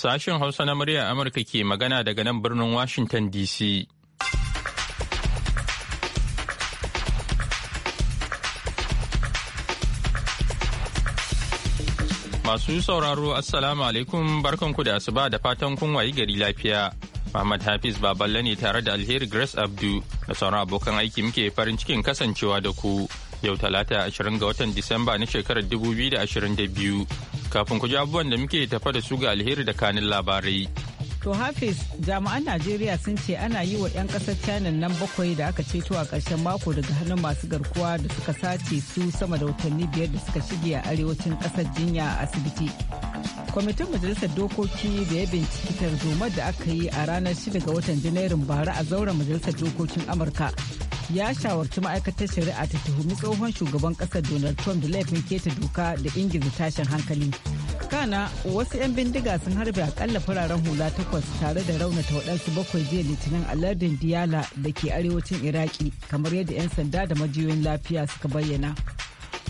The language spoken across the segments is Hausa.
Sashen Hausa na murya Amurka ke magana daga nan birnin Washington DC. Masu sauraro Assalamu alaikum barkanku da asuba da fatan kun wayi gari lafiya. Muhammad Hafiz Baballe ne tare da Alheri Grace Abdu da sauran abokan aiki muke farin cikin kasancewa da ku. yau talata 20 ga watan disamba na shekarar 2022 kafin ku ji abubuwan da muke tafa da su ga alheri da kanin labarai to hafiz jami'an najeriya sun ce ana yi wa 'yan kasar china nan bakwai da aka ceto a karshen mako daga hannun masu garkuwa da suka sace su sama da watanni biyar da suka shige a arewacin ƙasar jinya a asibiti kwamitin majalisar dokoki da ya binciki tarzomar da aka yi a ranar 6 ga watan janairun bara a zauren majalisar dokokin amurka ya shawarci ma'aikatar shari'a ta tuhumi tsohon shugaban kasar donald trump da laifin keta doka da ingiza tashin hankali kana wasu 'yan bindiga sun harbe akalla fararen hula takwas tare da raunata waɗansu bakwai jiya litinin a lardin diyala da ke arewacin iraki kamar yadda 'yan sanda da majiyoyin lafiya suka bayyana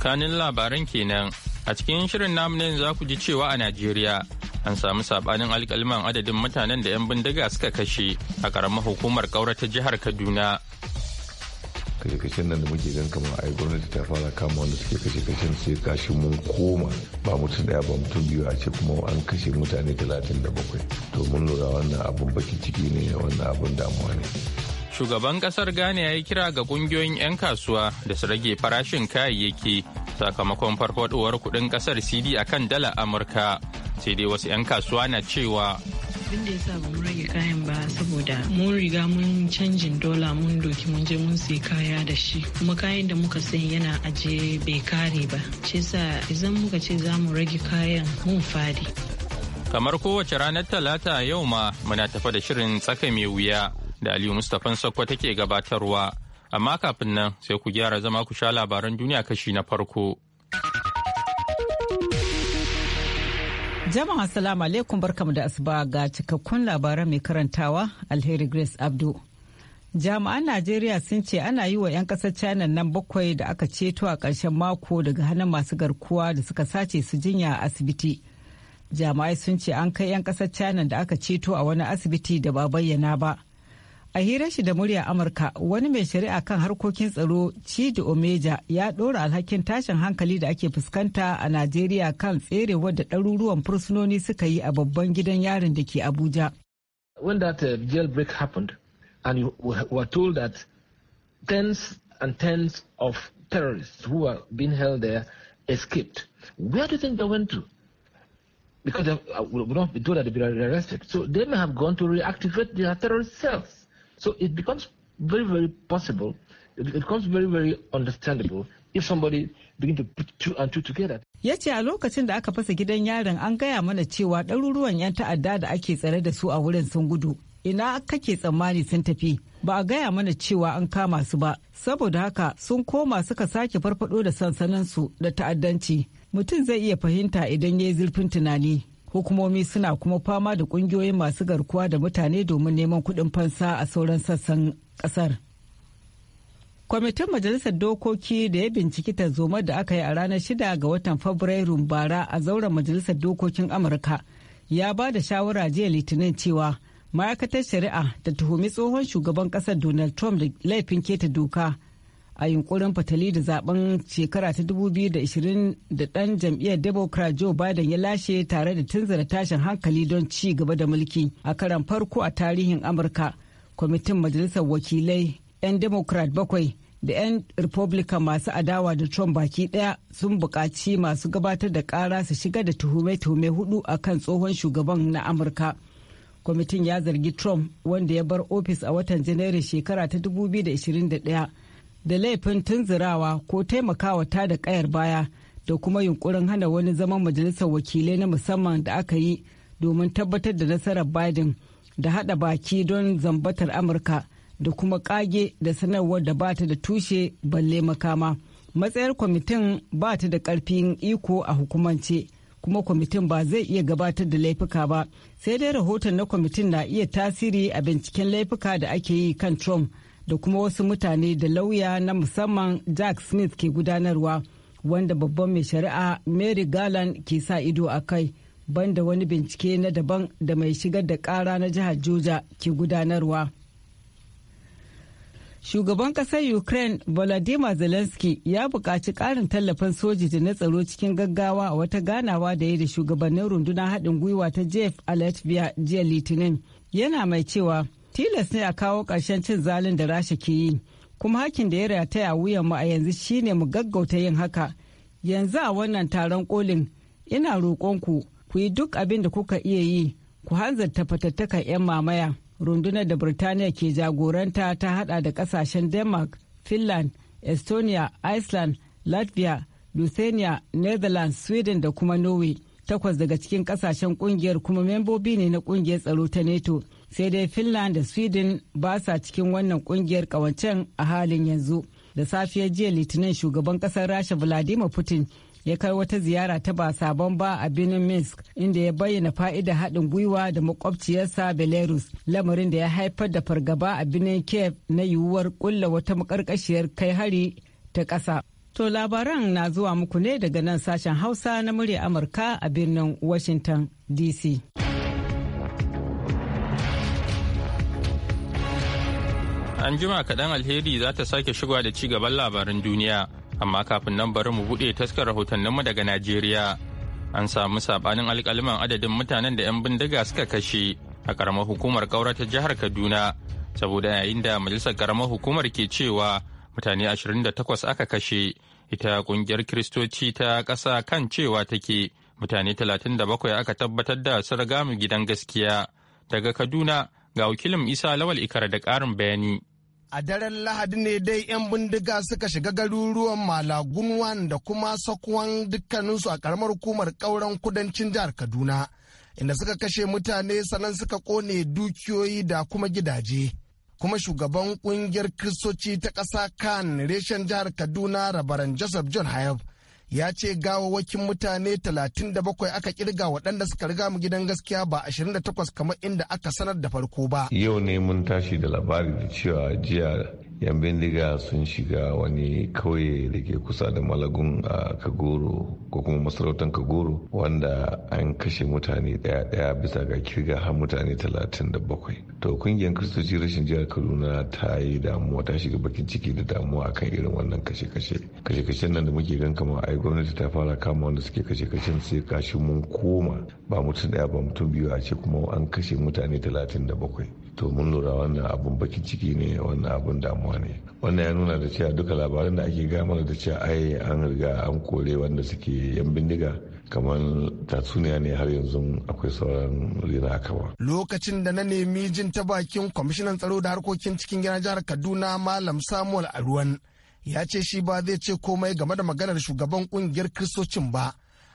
kanin labaran kenan a cikin shirin namu ne za ku ji cewa a najeriya an samu sabanin alkalman adadin mutanen da 'yan bindiga suka kashe a karamar hukumar ƙaura ta jihar kaduna kashe-kashen nan da muke gan kamar ai gwamnati ta fara kama wanda suke kashe-kashen sai kashi mun koma ba mutum daya ba mutum biyu a ce kuma an kashe mutane talatin da bakwai to mun lura wannan abun bakin ciki ne wannan abun damuwa ne shugaban kasar ghana ya yi kira ga kungiyoyin 'yan kasuwa da su rage farashin kayayyaki sakamakon farfaduwar kudin kasar cd akan dala amurka sai dai wasu 'yan kasuwa na cewa abin da yasa ba mu rage kayan ba saboda mun riga mun canjin dola mun doki mun je mun sai kaya da shi kuma kayan da muka sayi yana aje bai kare ba shi yasa idan muka ce za mu rage kayan mun fadi kamar kowace ranar talata yau ma muna tafa da shirin tsaka mai wuya da aliyu mustapha sakwa take gabatarwa amma kafin nan sai ku gyara zama ku sha labaran duniya kashi na farko Jama'a salamu alaikum barkamu da asuba ga cikakkun labaran mai karantawa Alheri Grace Abdu. Jami'an Najeriya sun ce ana yi wa 'yan ƙasar China nan bakwai da aka ceto a ƙarshen mako daga hannun masu garkuwa da suka sace su jinya a asibiti. Jami'ai sun ce an kai 'yan ƙasar China da aka ceto a wani asibiti da ba bayyana ba. A hirar shi da murya Amurka wani mai shari'a kan harkokin tsaro Chidi Omeja ya ɗora alhakin tashin hankali da ake fuskanta a Najeriya kan tsere wadda ɗaruruwan fursunoni suka yi a babban gidan yarin da ke Abuja. When that uh, jailbreak happened and you were told that tens and tens of terrorists who were being held there escaped, where do you think they went to? Because they, uh, would not be told that they were arrested. So they may have gone to reactivate their terrorist cells. So it becomes very, very possible, it becomes very, very understandable if somebody begin to put two and two together. Ya ce a lokacin da aka fasa gidan yaron an gaya mana cewa ɗaruruwan 'yan ta'adda da ake tsare da su a wurin sun gudu. Ina kake tsammani sun tafi ba a gaya mana cewa an kama su ba, saboda haka sun koma suka sake farfado da sansaninsu da ta'addanci. Mutum zai iya fahimta idan ya yi zurfin tunani. hukumomi suna kuma fama da kungiyoyin masu garkuwa da mutane domin neman kuɗin fansa a sauran sassan ƙasar. kwamitin majalisar dokoki da ya binciki tarzoma da aka yi a ranar 6 ga watan fabrairu bara a zauren majalisar dokokin amurka ya ba da shawara jiya litinin cewa ma'aikatar shari'a da tuhumi tsohon shugaban kasar donald trump da laifin keta doka a yunkurin fatali da zaben shekara ta 2020 da ɗan jam'iyyar democrat joe biden ya lashe tare da tunzara tashin hankali don ci gaba da mulki a karan farko a tarihin amurka kwamitin majalisar wakilai 'yan democrat bakwai da 'yan republican masu adawa da trump baki daya sun buƙaci masu gabatar da kara su shiga da tuhume-tuhume hudu akan tsohon shugaban na amurka kwamitin ya zargi trump wanda ya bar ofis a watan janairu shekara ta 2021 da laifin tunzirawa ko taimakawa ta da kayar baya da kuma yunkurin hana wani zaman majalisar wakilai na musamman da aka yi domin tabbatar da nasarar Biden da hada baki don zambatar Amurka da kuma kage da sanarwar da bata da tushe balle makama. Matsayar kwamitin ba ta da karfin iko a hukumance kuma kwamitin ba zai iya gabatar da laifuka ba sai dai rahoton na kwamitin na iya tasiri a binciken laifuka da ake yi kan Trump. da kuma wasu mutane da lauya na musamman jack smith ke gudanarwa wanda babban mai shari'a mary garland ke sa ido a kai banda wani bincike na daban da mai shigar da kara na jihar georgia ke gudanarwa shugaban kasar ukraine volodymyr zelensky ya buƙaci ƙarin tallafin soji da na tsaro cikin gaggawa a wata ganawa da ya da shugabannin rundunar haɗin gwiwa ta jeff a latvia jiya litinin yana mai cewa tilas ne a kawo ƙarshen cin zalin da rasha ke yi kuma hakin da ya rataya wuyan mu a yanzu shine mu gaggauta yin haka yanzu a wannan taron kolin ina roƙonku ku yi duk abin da kuka iya yi ku hanzarta fatattakan 'yan mamaya rundunar da birtaniya ke jagoranta ta hada da kasashen denmark finland estonia iceland latvia lithuania netherlands sweden da kuma norway takwas daga cikin kasashen kungiyar kuma membobi ne na kungiyar tsaro ta nato sai dai finland da sweden ba sa cikin wannan kungiyar kawancen a halin yanzu da safiyar jiya litinin shugaban kasar rasha vladimir putin ya kai wata ziyara ta ba sabon ba a birnin minsk inda ya bayyana fa'ida haɗin gwiwa da makwabciyarsa belarus lamarin da ya haifar da fargaba a birnin kiev na yiwuwar kulla wata makarkashiyar kai hari ta ƙasa to labaran na zuwa muku ne daga nan sashen hausa na murya amurka a birnin washington dc An jima kaɗan alheri za ta sake shigowa da ci gaban labaran duniya, amma kafin nan bari mu buɗe taskar rahotanninmu daga Najeriya. An samu sabanin alkaliman adadin mutanen da 'yan bindiga suka kashe a ƙaramar hukumar ƙaura ta jihar Kaduna, saboda yayin da majalisar ƙaramar hukumar ke cewa mutane 28 aka kashe, ita ƙungiyar Kiristoci ta ƙasa kan cewa take mutane 37 aka tabbatar da sun riga mu gidan gaskiya. Daga Kaduna, ga wakilin isa lawal ikara da ƙarin bayani A daren Lahadi ne dai 'yan bindiga suka shiga garuruwan Malagunwan da kuma Sakuwan dukkaninsu a karamar hukumar kauran kudancin jihar Kaduna, inda suka kashe mutane sannan suka kone dukiyoyi da kuma gidaje. Kuma shugaban kungiyar Kiristoci ta ƙasa kan reshen jihar Kaduna rabaran Joseph John Hayab ya ce gawawakin mutane 37 aka kirga waɗanda suka riga mu gidan gaskiya ba 28 kamar inda aka sanar da farko ba. Yau ne mun tashi da labari da cewa jiya yan bindiga sun shiga wani kauye da ke kusa da malagun a kagoro ko kuma masarautar kagoro wanda an kashe mutane daya daya bisa ga kirga har mutane 37 to kungiyar kristoci rashin jihar kaduna ta yi damuwa ta shiga bakin ciki da damuwa akan irin wannan kashe-kashe kashe kashe nan da muke gan kama ai gwamnati ta fara kama wanda suke kashe-kashen sai kashi mun koma ba mutum daya ba mutum biyu a ce kuma an kashe mutane 37 to mun lura wannan abun bakin ciki ne wannan abun damuwa ne wannan ya nuna da cewa duka labaran da ake gaya da cewa ai an riga an kore wanda suke yan bindiga kamar tatsuniya ne har yanzu akwai sauran rina kawa. Lokacin da na nemi jin ta bakin kwamishinan tsaro da harkokin cikin gina jihar Kaduna Malam Samuel Aruwan ya ce shi ba zai ce komai game da maganar shugaban kungiyar kristocin ba.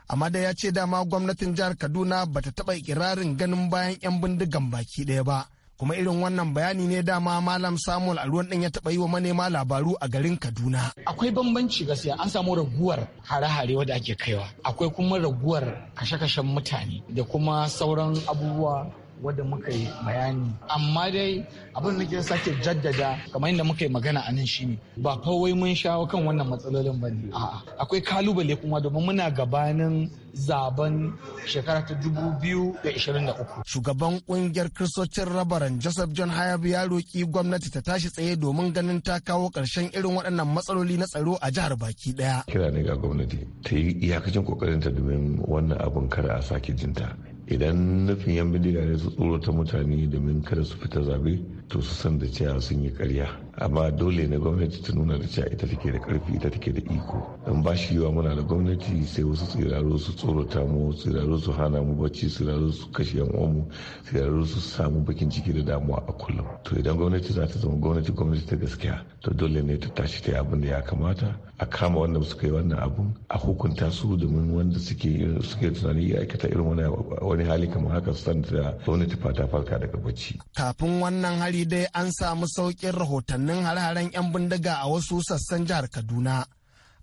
Amma da ya ce dama gwamnatin jihar Kaduna ba ta taɓa ikirarin ganin bayan 'yan bindigan baki ɗaya ba. kuma irin wannan bayani ne dama malam samuel ruwan din ya taba yi wa manema labaru a garin kaduna akwai bambanci gaskiya an samu raguwar hare-hare wadda ake kaiwa akwai kuma raguwar kashe-kashen mutane da kuma sauran abubuwa wadda muka yi bayani amma dai abin da nake sake jaddada kamar yadda muka yi magana a nan shine ba kawai mun shawo kan wannan matsalolin ba ne a'a akwai kalubale kuma domin muna gabanin zaben shekara ta 2023. Shugaban kungiyar kristocin Rabaran Joseph John Hayab ya roki gwamnati ta tashi tsaye domin ganin ta kawo ƙarshen irin waɗannan matsaloli na tsaro a jihar baki ɗaya. Kira ne ga gwamnati ta yi iyakacin ƙoƙarinta domin wannan abin kada a sake jinta. idan nufin yan bindiga ne su tsorata mutane domin kada su fita zabe to su san da cewa sun yi karya amma dole ne gwamnati ta nuna da cewa ita take da karfi ita take da iko don ba shi yiwa muna da gwamnati sai wasu tsiraro su tsorata mu tsiraro su hana mu bacci tsiraro su kashe yan uwanmu tsiraro su samu bakin ciki da damuwa a kullum to idan gwamnati za ta zama gwamnati gwamnati ta gaskiya to dole ne ta tashi ta yi abin da ya kamata a kama wanda suka yi wannan abun a hukunta su domin wanda suke tunani ya aikata irin wani hali kamar haka su san da tufa ta farka daga bacci. Kafin wannan hari dai an samu saukin rahotannin har haren 'yan bindiga a wasu sassan jihar Kaduna.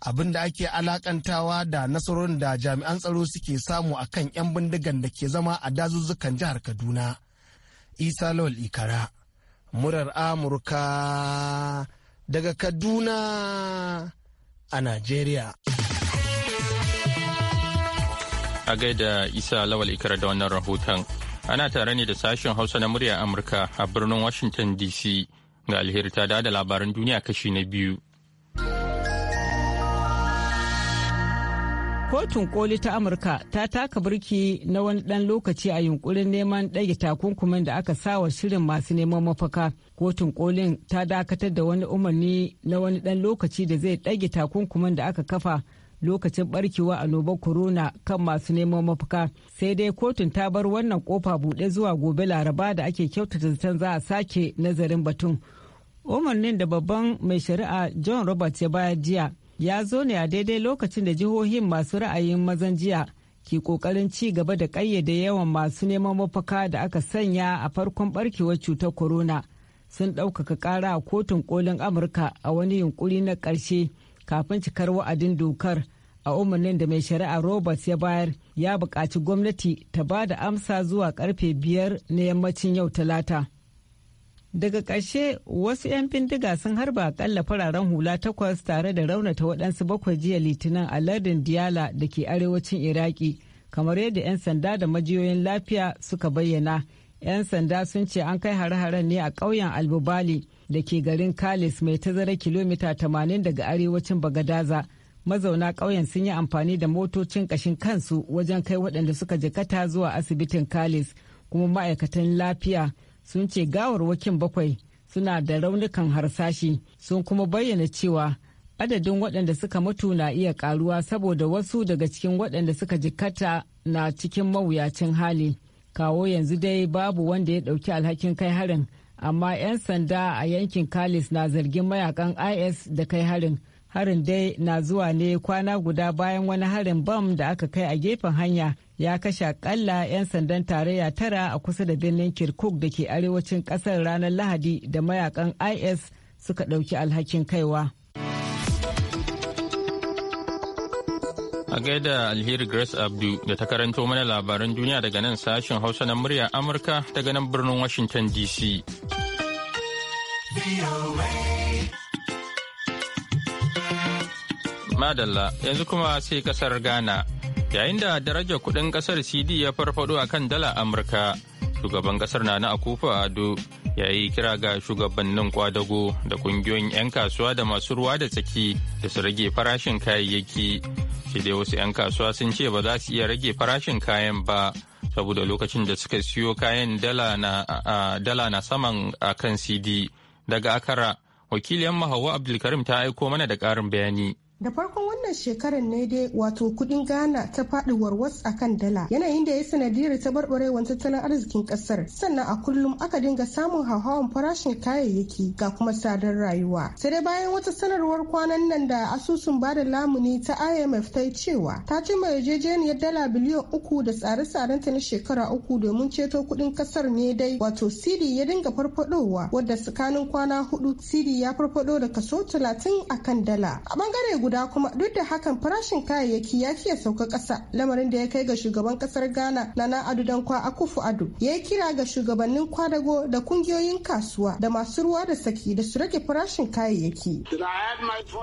abin da ake alakantawa da nasarorin da jami'an tsaro suke samu a kan 'yan bindigan da ke zama a dazuzzukan jihar kaduna isa lawal ikara murar amurka daga kaduna a Najeriya. A gaida Isa Lawal Ikara da wannan rahoton. Ana tare ne da sashen Hausa na murya Amurka a birnin Washington DC ga alheri ta da labaran duniya kashi na biyu. Kotun koli ta Amurka ta taka birki na wani ɗan lokaci a yunkurin neman ɗage takunkumin da aka sawa shirin masu neman mafaka. Kotun kolin ta dakatar da wani umarni na wani ɗan lokaci da zai ɗage takunkumin da aka kafa lokacin barkewa annobar corona kan masu neman mafaka. Sai dai kotun ta bar wannan kofa buɗe zuwa gobe laraba da ake kyautata zaton za a sake nazarin batun. Umarnin da babban mai shari'a John Roberts ya bayar jiya ya zo ne a daidai lokacin da jihohin masu ra'ayin mazan jiya ke kokarin ci gaba da ƙayyade yawan masu neman mafaka da aka sanya a farkon barkewar cutar corona sun ɗaukaka ƙara a kotun kolin amurka a wani yunkuri na ƙarshe kafin cikar wa'adin dokar a umarnin da mai shari'a roberts ya bayar ya buƙaci gwamnati ta ba da amsa zuwa ƙarfe biyar na yammacin yau talata daga ƙarshe wasu 'yan bindiga sun harba akalla fararen hula takwas tare da raunata waɗansu bakwai jiya litinin a lardin diyala da ke arewacin iraki kamar yadda 'yan sanda da majiyoyin lafiya suka bayyana 'yan sanda sun ce an kai hare-haren ne a ƙauyen albubali da ke garin kalis mai tazara kilomita 80 daga arewacin bagadaza mazauna ƙauyen sun yi amfani da motocin ƙashin kansu wajen kai waɗanda suka jikata zuwa asibitin kalis kuma ma'aikatan lafiya sun ce gawarwakin bakwai suna da raunukan harsashi sun kuma bayyana cewa adadin waɗanda suka mutu na iya karuwa saboda wasu daga cikin waɗanda suka jikkata na cikin mawuyacin hali kawo yanzu dai babu wanda ya ɗauki alhakin kai harin amma 'yan sanda a yankin kalis na zargin mayakan is da kai harin harin dai na zuwa ne kwana guda bayan wani harin bam da aka kai a gefen hanya ya kashe akalla 'yan sandan tarayya tara a kusa da birnin kirkuk da ke arewacin kasar ranar lahadi da mayakan is suka ɗauki alhakin kaiwa a gaida alheri grace abdu da ta karanto mana labaran duniya daga nan sashen hausa na murya amurka daga nan birnin washington dc madalla yanzu kuma sai kasar ghana yayin da darajar kudin kasar cd ya farfado a kan dala amurka shugaban ƙasar na na akufa ado ya yi kira ga shugabannin kwadago da kungiyoyin 'yan kasuwa da masu ruwa da tsaki da su rage farashin kayayyaki shi dai wasu 'yan kasuwa sun ce ba za su iya rage farashin kayan ba saboda lokacin da suka siyo kayan dala na saman a kan cd daga akara wakiliyar mahawa abdulkarim ta aiko mana da ƙarin bayani Da farkon wannan shekarar ne dai wato kudin Ghana ta faɗi warwas a kan dala yanayin da ya sanadiyar ta taɓarɓarewar tattalin arzikin ƙasar sannan a kullum aka dinga samun hauhawan farashin kayayyaki ga kuma sadar rayuwa. Sai dai bayan wata sanarwar kwanan nan da asusun bada lamuni ta IMF ta yi cewa ta ci mai yarjejeniyar dala biliyan uku da tsare-tsaren ta na shekara uku domin ceto kudin ƙasar ne dai wato Sidi ya dinga farfadowa wadda tsakanin kwana hudu Sidi ya farfado da kaso talatin akan dala. A bangare guda guda kuma duk da hakan farashin kayayyaki ya fiye sauka ƙasa lamarin da ya kai ga shugaban ƙasar Ghana Nana Adu Dankwa Akufo Ado ya yi kira ga shugabannin kwadago da kungiyoyin kasuwa da masu ruwa da saki da su rage farashin kayayyaki.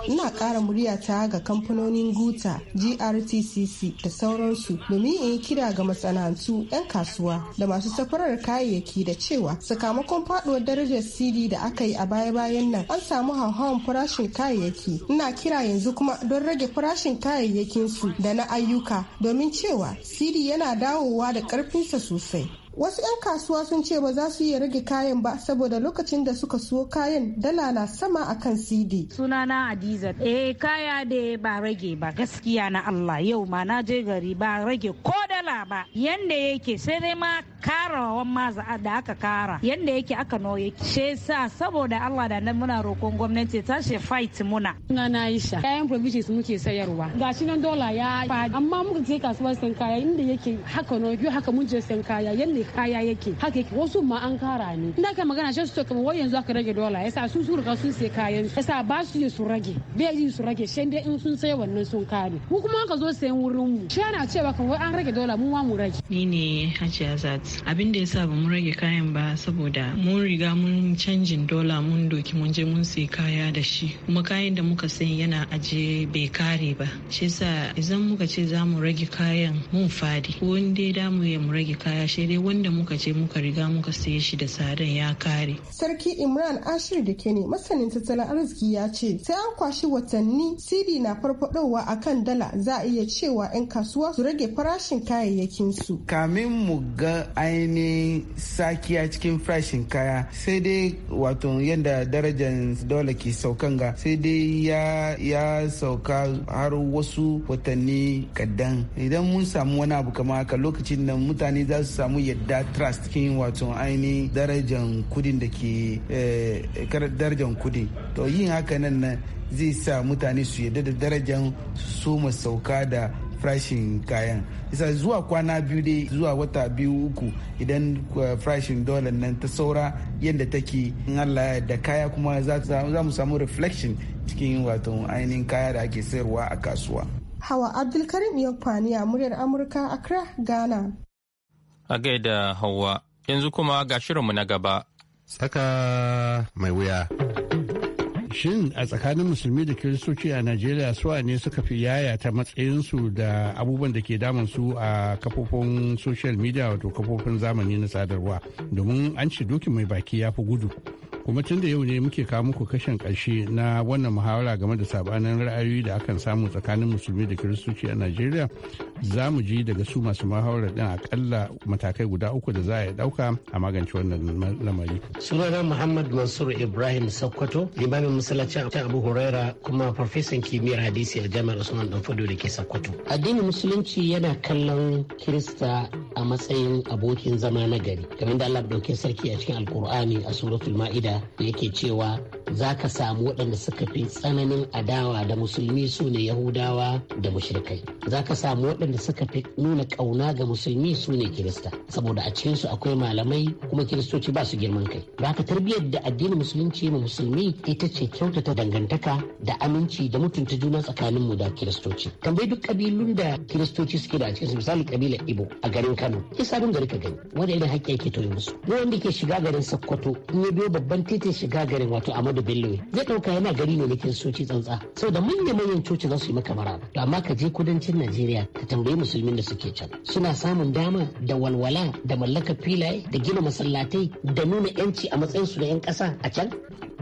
Ina ƙara murya ta ga kamfanonin Guta, GRTCC da sauransu domin in yi kira ga masana'antu 'yan kasuwa da masu safarar kayayyaki da cewa sakamakon faduwar darajar CD da aka yi a baya-bayan nan an samu hauhawan farashin kayayyaki. Ina kira yanzu kuma don rage farashin kayayyakinsu da na ayyuka domin cewa siri yana dawowa da ƙarfinsa sosai wasu 'yan kasuwa sun ce ba za su iya rage kayan ba saboda lokacin da suka suwo kayan dala na sama a kan cd sunana adiza E, eh, kaya da ba rage ba gaskiya na allah yau ma na je gari ba rage ko dala ba yanda yake sai dai ma karawan maza da aka kara yanda yake aka noye she sa saboda allah da nan muna roƙon gwamnati ta she fight muna Suna na Aisha. kayan provisions muke sayarwa gashi nan dola ya amma muka je kasuwar san kaya inda yake haka no haka mun je san kaya yanda ne kaya yake haka yake wasu ma an kara ne inda ka magana shi su to kamar yanzu aka rage dola yasa su su riga sun sai kayan yasa ba su su rage bai yi su rage shi dai in sun sai wannan sun kare mu kuma aka zo sayan wurin mu shi ana cewa wai an rage dola mu ma mu rage ni ne hajji azat abin da yasa ba mu rage kayan ba saboda mun riga mun canjin dola mun doki mun je mun sai kaya da shi kuma kayan da muka sayi yana aje bai kare ba shi yasa idan muka ce za mu rage kayan mun fadi ko in dai da mu ya mu rage kaya shi dai wanda muka ce muka riga muka saye shi da tsadan ya kare. Sarki Imran Ashir da ke ne masanin tattalin arziki ya ce sai an kwashi watanni cd na farfadowa akan dala za a iya cewa 'yan kasuwa su rage farashin kayayyakin su. Kamin mu ga ainihin sakiya cikin farashin kaya sai dai wato yadda darajar dola ke saukan ga sai dai ya ya sauka har wasu watanni kadan idan mun samu wani abu kama haka lokacin da mutane za su samu yadda da trust kin wato ainihin darajan kudin da ke eh, darajan kudin to yin haka nan zai sa mutane su yadda da darajan su sauka da farashin kayan isa zuwa kwana biyu dai zuwa wata biyu uku idan eh, farashin dollar nan ta saura yadda take in allah da kaya kuma za mu samu reflection cikin wato ainihin kaya da ake sayarwa a kasuwa hawa abdulkarim ya kwani a muryar amurka accra ghana a gaida Hauwa. Yanzu kuma ga shirinmu na gaba. Tsaka mai wuya. Shin a tsakanin musulmi da kiristoci a Najeriya suwa ne suka fi yaya ta matsayinsu da abubuwan da ke damun su a kafofin social media wato kafofin zamani na sadarwa domin an ci dokin mai baki ya fi gudu. kuma tun da yau ne muke kawo muku kashin karshe na wannan muhawara game da sabanin ra'ayoyi da akan samu tsakanin musulmi da kiristoci a najeriya za mu ji daga su masu muhawarar din akalla matakai guda uku da za a ɗauka a magance wannan lamari sunana muhammad mansur ibrahim sokoto limamin masallacin abu huraira kuma farfesan kimiyyar hadisi a jami'ar usman fado da ke sokoto addinin musulunci yana kallon kirista a matsayin abokin zama na gari kamar da allah ɗauke sarki a cikin alkur'ani a suratul ma'ida yake cewa za ka samu waɗanda suka fi tsananin adawa da musulmi su ne yahudawa da mushrikai za ka samu waɗanda suka fi nuna ƙauna ga musulmi su ne kirista saboda a cikinsu akwai malamai kuma kiristoci ba su girman kai ba ka tarbiyyar da addinin musulunci ma musulmi ita ce kyautata dangantaka da aminci da mutunta juna tsakanin mu da kiristoci tambayi duk kabilun da kiristoci suke da a cikinsu misali kabilar ibo a garin kano isa sabon gari ka gani wanda irin haƙƙi yake toye musu wanda ke shiga garin sokoto in ya biyo babban titin shiga garin wato Amadu Bello zai dauka yana gari ne na kiristoci tsantsa saboda manyan manyan coci za su yi maka maraba to amma ka je kudancin Najeriya ka tambayi musulmin da suke can suna samun dama da walwala da mallakar filaye da gina masallatai da nuna yanci a matsayin su da yan kasa a can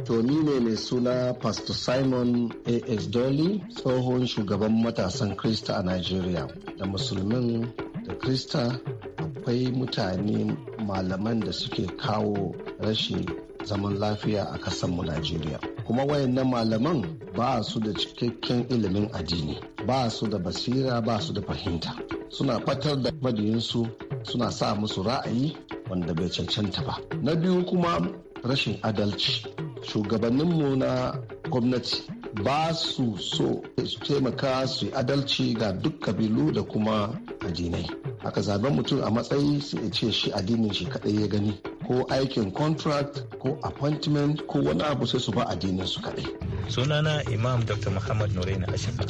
to ni ne mai suna Pastor Simon A.S. Dolly tsohon shugaban matasan Krista a Najeriya da musulmin da Krista akwai mutane malaman da suke kawo rashin zaman lafiya a kasanmu Najeriya. Kuma wayannan malaman ba su da cikakken ilimin addini, ba su da basira, ba su da fahimta. Suna fatar da madiyinsu suna sa musu ra'ayi wanda bai cancanta ba. Na biyu kuma rashin adalci. Shugabanninmu na gwamnati ba su so su taimaka su yi adalci ga duk kabilu da kuma addinai. Aka zaben mutum a matsayi sai ce shi addinin shi kaɗai ya gani ko aikin contract ko appointment ko wani abu sai su ba addinin su kaɗai. sunana imam dr muhammad nurain ashifa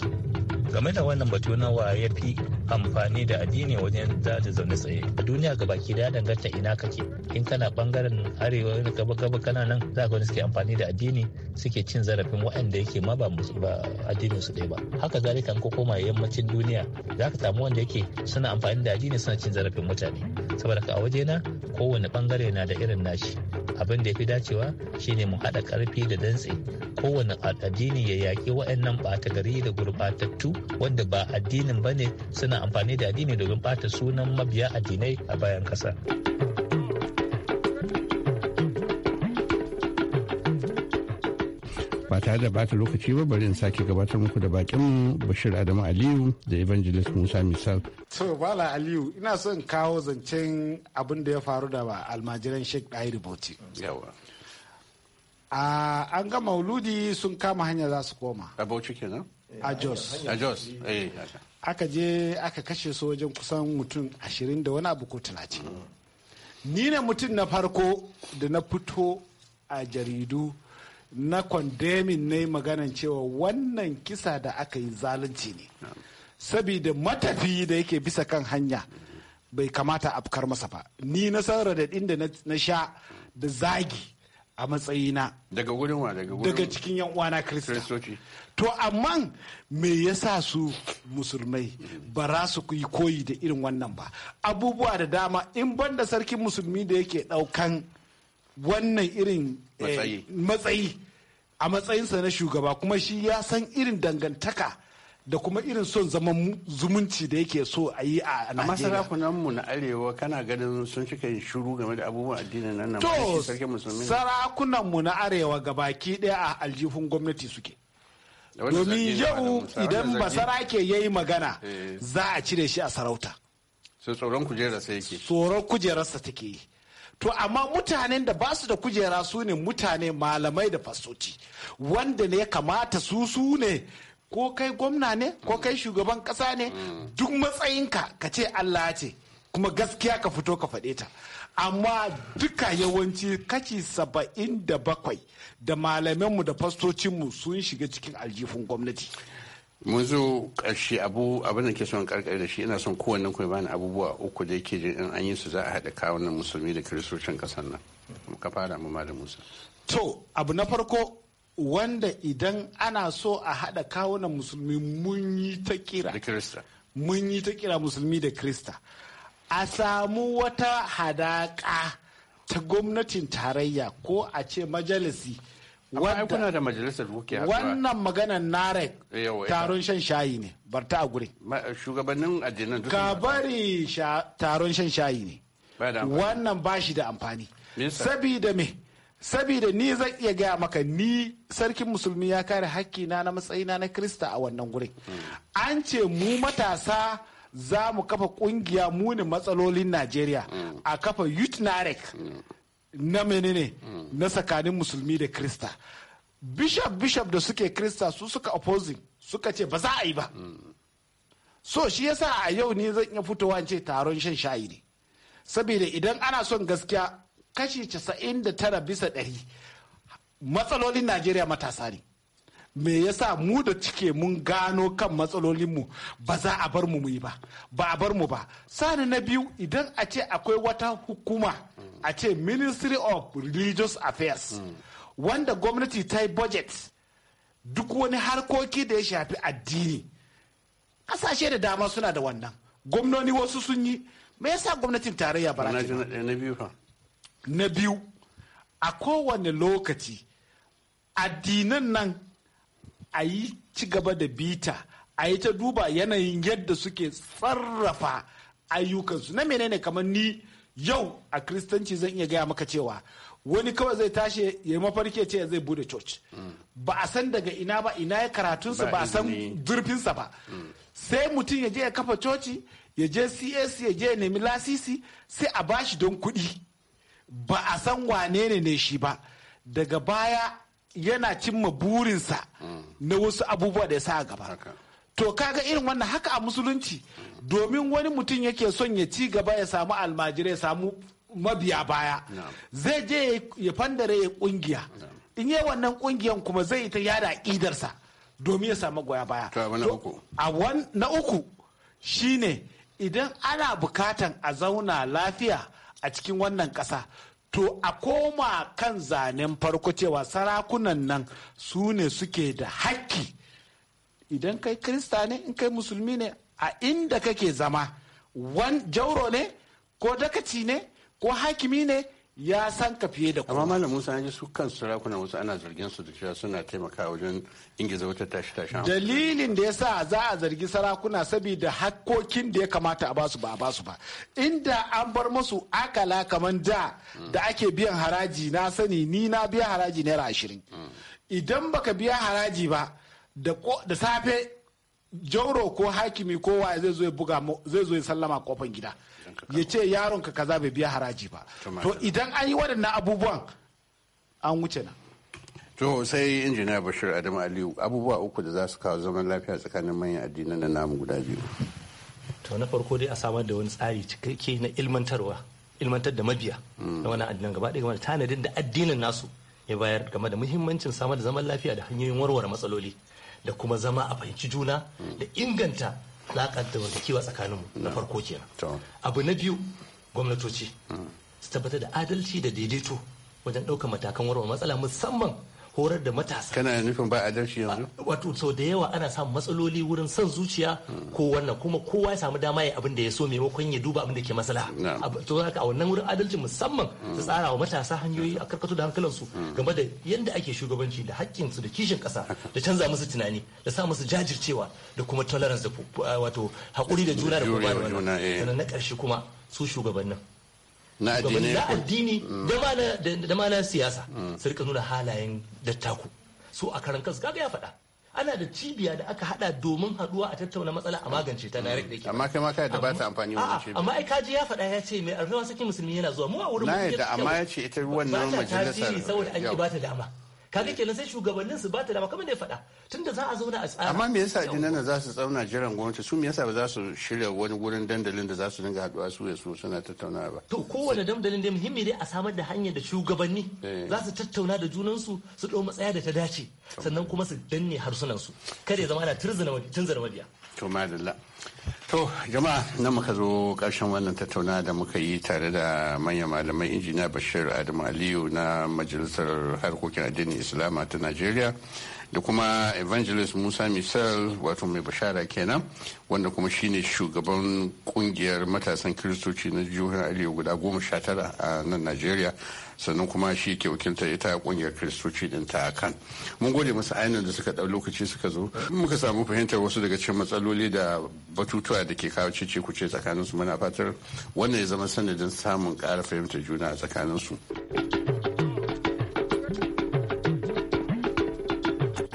game da wannan batu na wa ya fi amfani da addini wajen zaje zaune tsaye a duniya ga baki daya danganta ina kake in kana bangaren arewa da gaba gaba kana nan za ka suke amfani da addini suke cin zarafin waɗanda yake ma ba addinin su ɗaya ba haka zalika ko koma yammacin duniya za ka samu wanda yake suna amfani da addini suna cin zarafin mutane saboda ka a wajena kowane bangare na da irin nashi abin da ya fi dacewa shine mu haɗa ƙarfi da dantse kowane addini ya yaƙi waɗannan ɓata gari da gurɓatattu wanda ba addinin ba ne suna amfani da addini domin ɓata sunan mabiya addinai a bayan ƙasa. ba tare da bata lokaci ba bari in sake gabatar muku da bakin bashir adamu aliyu da evangelist musa misal to bala aliyu ina son kawo zancen abin da ya faru da almajiran sheikh ɗahiri riboti yawa an ga mauludi sun kama hanya za su koma a bauchi kenan a jos a jos eh, aka je aka kashe su wajen kusan mutum ashirin da wani abu ko tunaci. Mm. ni ne mutum na farko da na fito a jaridu na kwandemin ne maganan cewa wannan kisa da aka yi zalunci ne sabida matafi da yake bisa kan hanya bai kamata afkar masa ba ni na san radadin da na sha da zagi a matsayina daga gudun wa daga cikin yan uwana kristoci to amma me yasa su musulmai ba za su yi koyi da irin wannan ba abubuwa da dama in banda sarkin musulmi da yake daukan wannan irin eh, matsayi a matsayinsa na shugaba kuma shi ya san irin dangantaka da kuma irin son zaman zumunci da yake so a yi a Najeriya. Amma mu na Arewa kana ganin sun cika yin shuru game da abubuwan addinin nan na sarki musulmi. Sarakunanmu na Arewa ga baki ɗaya a aljihun gwamnati suke. Domin yau idan ke ya yi magana eh. za a cire shi a sarauta. Sai tsoron kujerarsa yake. Tsoron kujerarsa take yi. to amma mutanen da ba su da kujera su ne mutane malamai da fasoci wanda ne ya kamata su su ne ko kai gwamna ne ko kai shugaban kasa ne duk matsayinka ka ce allah ce kuma gaskiya ka fito ka faɗe ta amma duka yawanci kaci saba'in da bakwai da malamanmu da fastocinmu sun shiga cikin aljifin gwamnati mun zo ƙarshe abu abin da ke son karkari da shi ina son kowannen kuma bani abubuwa uku da yake jin in an yi su za a haɗa kawunan musulmi da kiristocin ƙasar nan ka fara mu malam musa to abu na farko wanda idan ana so a haɗa kawunan musulmi mun yi ta kira da kirista mun yi ta kira musulmi da kirista a samu wata hadaka ta gwamnatin tarayya ko a ce majalisi kuna majalisar wannan maganar narek eh, eh, taron shan shayi ne barta a gure eh, shugabannin addinan ka bari taron shan shayi ne wannan ba shi da amfani sabida me sabida ni zan iya gaya maka ni sarkin musulmi ya kare hakkina na matsayina na krista a wannan gurin hmm. an ce mu matasa za mu kafa kungiya muni matsalolin najeriya hmm. a kafa youth narek hmm. na menene na tsakanin musulmi da krista bishop bishop da suke krista su suka opposing suka ce ba za a yi ba so shi yasa a yau ne zan iya fitowa ce taron shan shayi ne saboda idan ana son gaskiya kashi 99 bisa ɗari matsalolin najeriya matasa ne me yasa mu da cike mun gano kan matsalolinmu ba za a bar mu yi ba ba a bar mu ba sani na biyu idan a ce akwai wata hukuma a ce ministry of religious affairs wanda gwamnati ta yi budget duk wani harkoki da ya shafi addini kasashe da dama suna da wannan gwamnoni wasu sun yi me yasa gwamnatin tarayya ba na biyu a kowane lokaci addinan nan a yi ci gaba da bita a yi ta duba yanayin yadda suke sarrafa ayyukansu na menene kamar ni yau a kristanci zan iya gaya maka cewa wani kawai zai tashi ya yi mafarki ce zai bude church ba a san daga ina ba ina ya karatunsa ba a san zurfinsa ba sai mutum ya je ya kafa coci ya je C.A.C ya je ya nemi lasisi sai a bashi don kuɗi ba a san wane ne ne shi ba daga baya yana cimma burinsa mm. na wasu abubuwa da ya sa a gaba to kaga irin wannan haka a musulunci domin wani mutum yake son ya ci gaba ya samu almajirai ya samu mabiya baya zai je ya fandare ya kungiya in yi wannan kungiyan kuma zai ita yada idarsa domin ya samu goya baya a na uku shine idan ana bukatan a zauna lafiya a cikin wannan ƙasa to a koma kan zanen farko cewa sarakunan nan su ne suke da haƙƙi idan kai krista ne in kai musulmi ne a inda kake zama wan jauro ne ko dakaci ne ko hakimi ne ya san ka fiye da kuma. Amma Malam Musa ya su kan sarakuna wasu ana zargin su da cewa suna taimakawa wajen ingiza wata tashi tashi. Dalilin da ya sa za a zargi sarakuna saboda hakkokin da ya kamata a basu ba a basu ba. Inda an bar musu akala kamar da da ake biyan haraji na sani ni na biya haraji naira ashirin. Mm. Idan baka biya haraji ba da safe jauro ko hakimi ko waye zai zo ya buga zai zo ya sallama kofan gida ya ce yaron ka kaza bai biya haraji ba to idan an yi waɗannan abubuwan an wuce na to sai injiniya bashir adamu aliyu abubuwa uku da za su kawo zaman lafiya tsakanin manyan addinan da namu guda biyu to na farko dai a samar da wani tsari cikakke na ilmantarwa ilmantar da mabiya mm. na wannan addinan gaba ɗaya game da tanadin da addinin nasu ya bayar game da muhimmancin samar da zaman lafiya da hanyoyin warware matsaloli da kuma zama a fahimci juna da inganta alaƙar da wanda kewa tsakaninmu na farko kenan abu na biyu gwamnatoci su tabbatar da adalci da daidaito wajen ɗaukar matakan warware matsala musamman horar da matasa kana nufin ba adalci yanzu wato sau da yawa ana samun matsaloli wurin son zuciya ko wannan kuma kowa ya samu dama ya abin da ya so maimakon ya duba abin da ke masala. to haka a wannan wurin adalci musamman su tsara wa matasa hanyoyi a karkato da hankalansu game da yadda ake shugabanci da hakkin su da kishin ƙasa. da canza musu tunani da sa musu jajircewa da kuma tolerance da wato hakuri da juna da kuma eh. sannan na karshe kuma su shugabannin na addini mm. da ma na siyasa su rika nuna halayen dattaku su a karan kansu kaga ya faɗa ana da cibiya da aka hada domin haduwa a tattauna matsala a magance ta direct da ke amma kai ma kai da ba ta amfani wannan cibiya amma ai kaji ya faɗa ya ce mai alfawa sakin musulmi yana zuwa mu a wurin mu na yadda amma ya ce ita wannan majalisar ba ta tasiri saboda an ki ba ta dama kaga kenan sai shugabannin su ba ta dama kamar da ya faɗa tunda za a zauna a tsara amma me yasa inana za su tsauna jiran gwamnati su me yasa ba za su shirya wani gurin dandalin da za su dinga haɗuwa su ya su suna tattaunawa ba to kowane dandalin da muhimmi dai a samar da hanyar da shugabanni eh. za su tattauna da junan su su ɗau matsaya da ta dace sannan kuma su danne harsunan su kada ya zama ana tunzana wadiya to madalla To jama'a nan muka zo ƙarshen wannan tattauna da muka yi tare da manyan malamai injiniya Bashir Adamu Aliyu na Majalisar Harkokin Addinin Islama ta Najeriya da kuma Evangelist Musa Misal wato mai bashara kenan wanda kuma shine shugaban kungiyar matasan kiristoci na jihohin Aliyu guda goma sha tara a nan Najeriya sannan kuma shi ke wakilta ita kungiyar kiristoci din ta kan mun gode masu ainihin da suka ɗau lokaci suka zo muka samu fahimtar wasu daga cikin matsaloli da batutuwa al'amura da ke kawo cece kuce tsakaninsu muna fatar wannan ya zama sanadin samun ƙara fahimtar juna a tsakaninsu.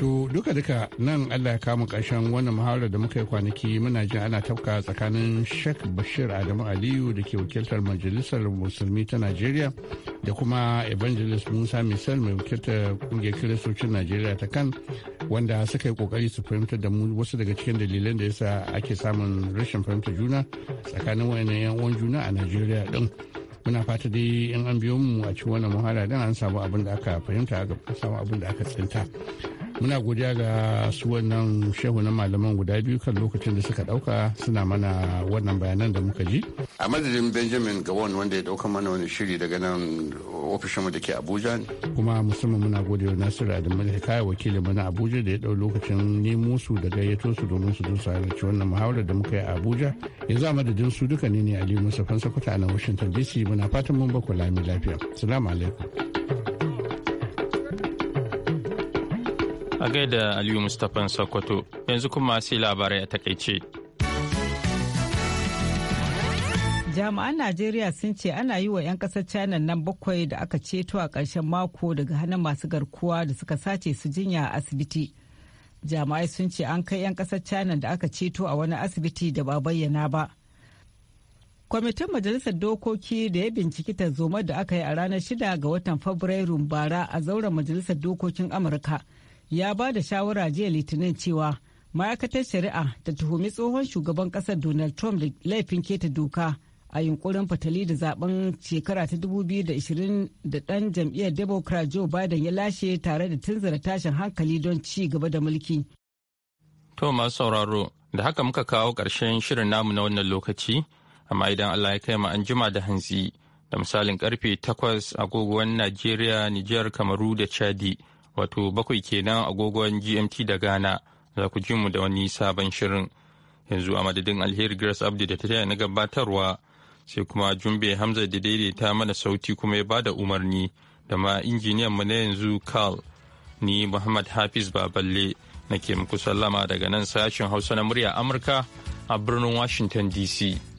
To duka-duka nan Allah ya kama ƙarshen wannan muhawarar da muka yi kwanaki muna jin ana tafka tsakanin Sheikh Bashir Adamu Aliyu da ke wakiltar Majalisar Musulmi ta Najeriya da kuma Evangelist Musa Misal mai wakiltar kungiyar Kiristocin Najeriya ta kan wanda suka yi ƙoƙari su fahimtar da mu wasu daga cikin dalilan da yasa ake samun rashin fahimtar juna tsakanin wayannan yan uwan juna a Najeriya din. muna fata dai in an biyo mu a cikin wannan muhara din an samu abin da aka fahimta aka samu abin da aka tsinta muna godiya ga su wannan shehu na malaman guda biyu kan lokacin da suka dauka suna mana wannan bayanan da muka ji a madadin benjamin gawon wanda ya dauka mana wani shiri daga nan ofishinmu da ke abuja kuma musamman muna gode wa nasiru adamu kaya wakili mana abuja da ya dau lokacin nemo su da gayyato su domin su dusa su wannan muhawarar da muka yi a abuja yanzu a madadin su duka ne ne Ali musa fansa a washington dc muna fatan mun baku lami lafiya salamu alaikum A gaida Aliyu Mustapha Sokoto yanzu kuma sai labarai a takaice. Jami'an Najeriya sun ce ana yi wa 'yan kasar China nan bakwai da aka ceto a ƙarshen mako daga hannun masu garkuwa da suka sace su jinya a asibiti. Jami'ai sun ce an kai 'yan kasar China da aka ceto a wani asibiti da ba bayyana ba. kwamitin majalisar dokoki da ya binciki tarzoma da aka yi a ranar 6 ga watan fabrairun bara a zauren majalisar dokokin amurka ya ba da shawara jiya litinin cewa ma'aikatar shari'a ta tuhumi tsohon shugaban kasar donald trump da laifin keta doka a yunkurin fatali da zaben shekara ta 2020 da dan jam'iyyar democrat joe biden ya lashe tare da tunzara tashin hankali don ci gaba da mulki to masu sauraro da haka muka kawo ƙarshen shirin namu na wannan lokaci amma idan allah ya kai mu an jima da hanzi da misalin karfe 8 agogowan najeriya niger kamaru da chadi wato bakwai kenan agogon GMT da Ghana za ku ji mu da wani sabon shirin. Yanzu a madadin Alheri Grace Abdi da ta taya na gabatarwa sai kuma Jumbe Hamza da daidaita mana sauti kuma ya bada umarni da ma injiniyan mu na yanzu karl ni Muhammad Hafiz Baballe nake muku sallama daga nan sashen Hausa na murya Amurka a birnin Washington DC.